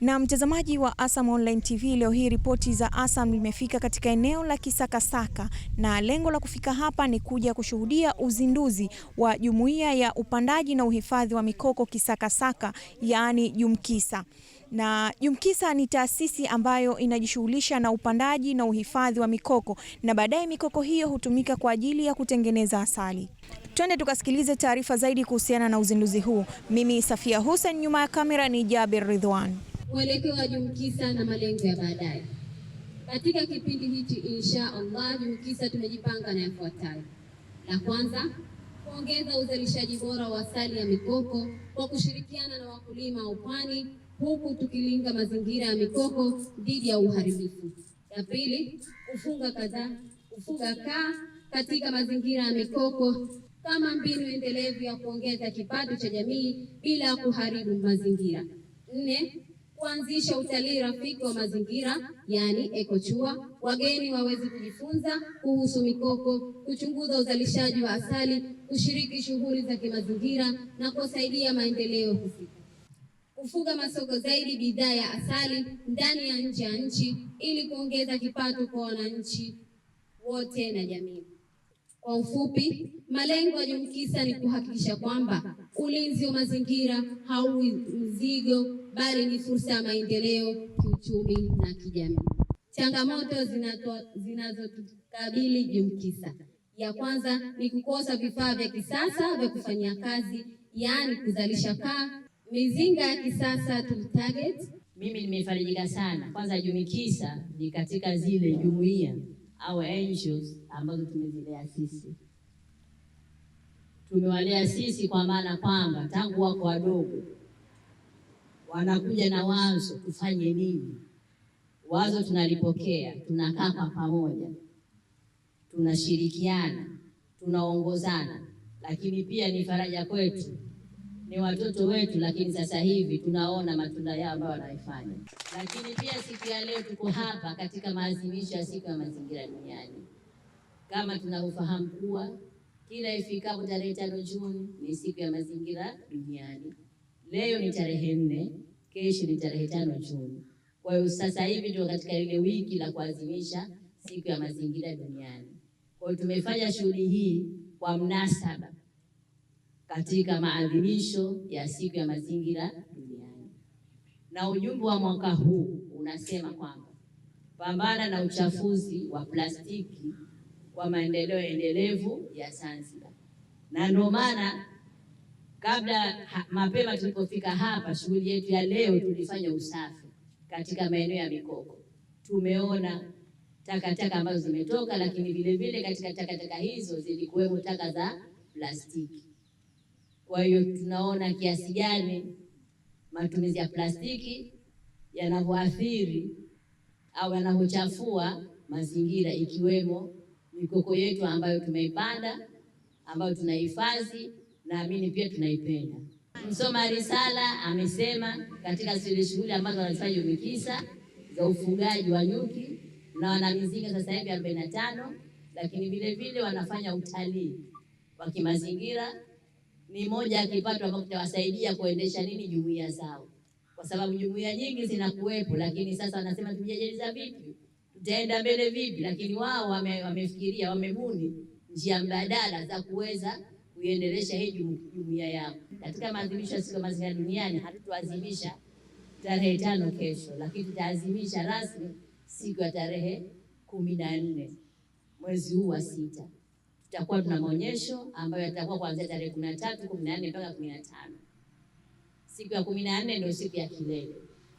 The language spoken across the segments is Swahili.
Na mtazamaji wa Asam Online TV, leo hii ripoti za Asam limefika katika eneo la Kisakasaka, na lengo la kufika hapa ni kuja kushuhudia uzinduzi wa jumuiya ya upandaji na uhifadhi wa mikoko Kisakasaka, yaani JUMKISA na JUMKISA ni taasisi ambayo inajishughulisha na upandaji na uhifadhi wa mikoko na baadaye mikoko hiyo hutumika kwa ajili ya kutengeneza asali. Twende tukasikilize taarifa zaidi kuhusiana na uzinduzi huu. Mimi Safia Hussein, nyuma ya kamera ni Jabir Ridwan mwelekeo wa JUMKISA na malengo ya baadaye. Katika kipindi hichi insha Allah, JUMKISA tumejipanga na yafuatayo. La kwanza, kuongeza uzalishaji bora wa asali ya mikoko kwa kushirikiana na wakulima wa pwani, huku tukilinga mazingira ya mikoko dhidi ya uharibifu. La pili, kufunga kadhaa kufunga kaa katika mazingira ya mikoko kama mbinu endelevu ya kuongeza kipato cha jamii bila kuharibu mazingira. Nne, kuanzisha utalii rafiki wa mazingira, yaani ekochua, wageni waweze kujifunza kuhusu mikoko, kuchunguza uzalishaji wa asali, kushiriki shughuli za kimazingira na kusaidia maendeleo husika kufuga masoko zaidi bidhaa ya asali ndani ya nje ya nchi ili kuongeza kipato kwa wananchi wote na jamii. Kwa ufupi, malengo ya JUMKISA ni kuhakikisha kwamba ulinzi wa mazingira hauwi mzigo, bali ni fursa ya maendeleo kiuchumi na kijamii. Changamoto zinazotukabili JUMKISA, ya kwanza ni kukosa vifaa vya kisasa vya kufanyia kazi, yaani kuzalisha kaa mizinga ya kisasa to target. Mimi nimefarijika sana kwanza, JUMKISA ni katika zile jumuiya au angels ambazo tumezilea sisi. Tumewalea sisi kwa maana kwamba tangu wako wadogo wanakuja na wazo, tufanye nini? Wazo tunalipokea, tunakaa kwa pamoja, tunashirikiana, tunaongozana, lakini pia ni faraja kwetu ni watoto wetu, lakini sasa hivi tunaona matunda yao ambayo wanaifanya. Lakini pia siku ya leo tuko hapa katika maadhimisho ya siku ya mazingira duniani, kama tunavyofahamu kuwa kila ifikapo tarehe tano Juni ni siku ya mazingira duniani. Leo ni tarehe nne, kesho ni tarehe tano Juni. Kwa hiyo sasa hivi ndio katika ile wiki la kuadhimisha siku ya mazingira duniani. Kwa hiyo tumefanya shughuli hii kwa mnasaba katika maadhimisho ya siku ya mazingira duniani, na ujumbe wa mwaka huu unasema kwamba pambana na uchafuzi wa plastiki kwa maendeleo endelevu ya Zanzibar. Na ndio maana kabla ha, mapema tulipofika hapa, shughuli yetu ya leo tulifanya usafi katika maeneo ya mikoko. Tumeona takataka ambazo zimetoka, lakini vilevile katika takataka hizo zilikuwemo taka za plastiki. Kwa hiyo tunaona kiasi gani matumizi ya plastiki yanavyoathiri au yanavyochafua mazingira, ikiwemo mikoko yetu ambayo tumeipanda ambayo tunahifadhi, naamini pia tunaipenda. Msoma risala amesema katika zile shughuli ambazo wanazifanya UMIKISA za ufugaji wa nyuki na wana mizinga sasa hivi 45 na tano, lakini vile vile wanafanya utalii wa kimazingira ni moja ya kipato ambacho kitawasaidia kuendesha nini jumuiya zao, kwa sababu jumuiya nyingi zinakuwepo, lakini sasa wanasema tujiendeleza vipi, tutaenda mbele vipi? Lakini wao wame, wamefikiria wamebuni njia mbadala za kuweza kuiendelesha hii jumuiya yao. Katika maadhimisho ya siku ya mazingira duniani hatutoazimisha tarehe tano kesho, lakini tutaazimisha rasmi siku ya tarehe kumi na nne mwezi huu wa sita tutakuwa tuna maonyesho ambayo yatakuwa kuanzia tarehe kumi na tatu kumi na nne mpaka kumi na tano Siku ya kumi na nne ndio siku ya kilele.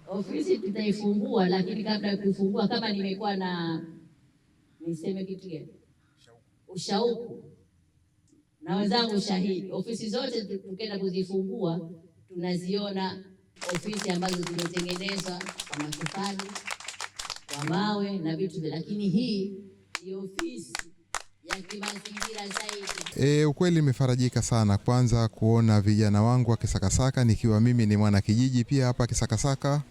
Ofisi tutaifungua, lakini kabla ya kuifungua, kama nimekuwa na niseme kitu gani, ushauku na wenzangu shahidi, ofisi zote tukenda kuzifungua, tunaziona ofisi ambazo zimetengenezwa kwa matofali, kwa mawe na vitu, lakini hii ni ofisi E, ukweli nimefarajika sana kwanza kuona vijana wangu wakisakasaka, nikiwa mimi ni mwana kijiji pia hapa kisakasaka,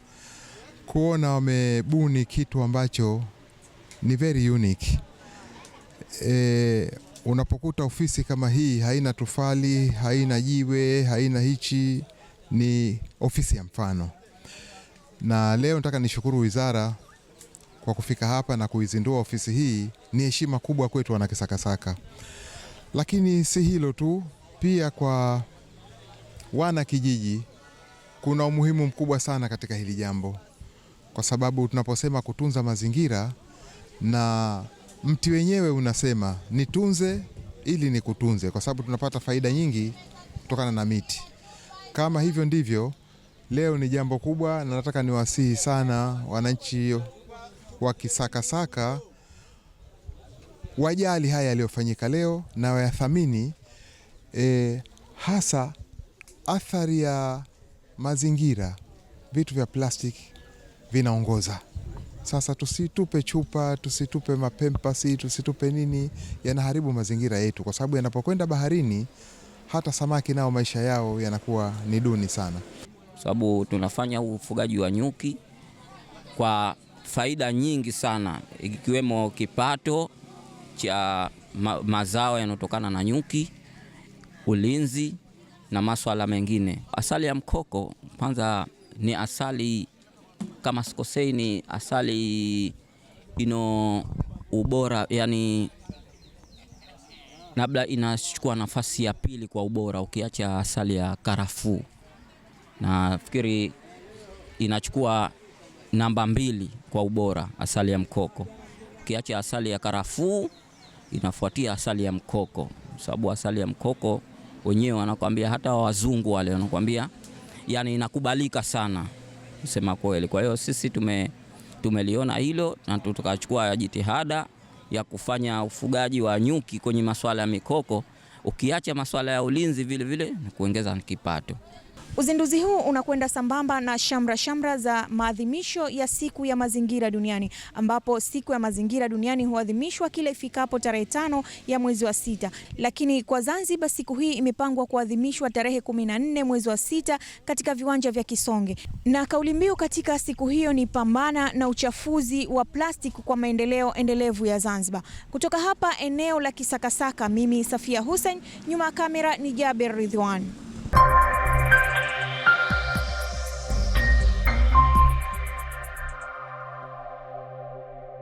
kuona wamebuni kitu ambacho ni very unique. E, unapokuta ofisi kama hii haina tufali haina jiwe, haina hichi, ni ofisi ya mfano. Na leo nataka nishukuru wizara kwa kufika hapa na kuizindua ofisi hii ni heshima kubwa kwetu wanakisakasaka. Lakini si hilo tu, pia kwa wana kijiji kuna umuhimu mkubwa sana katika hili jambo, kwa sababu tunaposema kutunza mazingira na mti wenyewe unasema nitunze ili nikutunze, kwa sababu tunapata faida nyingi kutokana na miti. Kama hivyo ndivyo, leo ni jambo kubwa, na nataka niwasihi sana wananchi wa Kisakasaka wajali haya yaliyofanyika leo na wayathamini e, hasa athari ya mazingira. Vitu vya plastiki vinaongoza. Sasa tusitupe chupa, tusitupe mapempasi, tusitupe nini, yanaharibu mazingira yetu, kwa sababu yanapokwenda baharini, hata samaki nao maisha yao yanakuwa ni duni sana, kwa sababu tunafanya ufugaji wa nyuki kwa faida nyingi sana, ikiwemo kipato cha ma, mazao yanayotokana na nyuki, ulinzi na masuala mengine. Asali ya mkoko kwanza ni asali kama sikosei, ni asali ino ubora, yani labda inachukua nafasi ya pili kwa ubora, ukiacha asali ya karafuu, nafikiri inachukua namba mbili kwa ubora asali ya mkoko, ukiacha asali ya karafuu inafuatia asali ya mkoko, sababu asali ya mkoko wenyewe wanakwambia, hata wazungu wale wanakwambia, yani inakubalika sana kusema kweli. Kwa hiyo sisi tume tumeliona hilo na tukachukua jitihada ya kufanya ufugaji wa nyuki kwenye masuala ya mikoko, ukiacha masuala ya ulinzi, vile vile na kuongeza kipato. Uzinduzi huu unakwenda sambamba na shamra shamra za maadhimisho ya siku ya mazingira duniani, ambapo siku ya mazingira duniani huadhimishwa kila ifikapo tarehe tano ya mwezi wa sita, lakini kwa Zanzibar siku hii imepangwa kuadhimishwa tarehe kumi na nne mwezi wa sita katika viwanja vya Kisonge, na kauli mbiu katika siku hiyo ni pambana na uchafuzi wa plastiki kwa maendeleo endelevu ya Zanzibar. Kutoka hapa eneo la Kisakasaka, mimi Safia Hussein, nyuma ya kamera ni Jaber Ridhwan.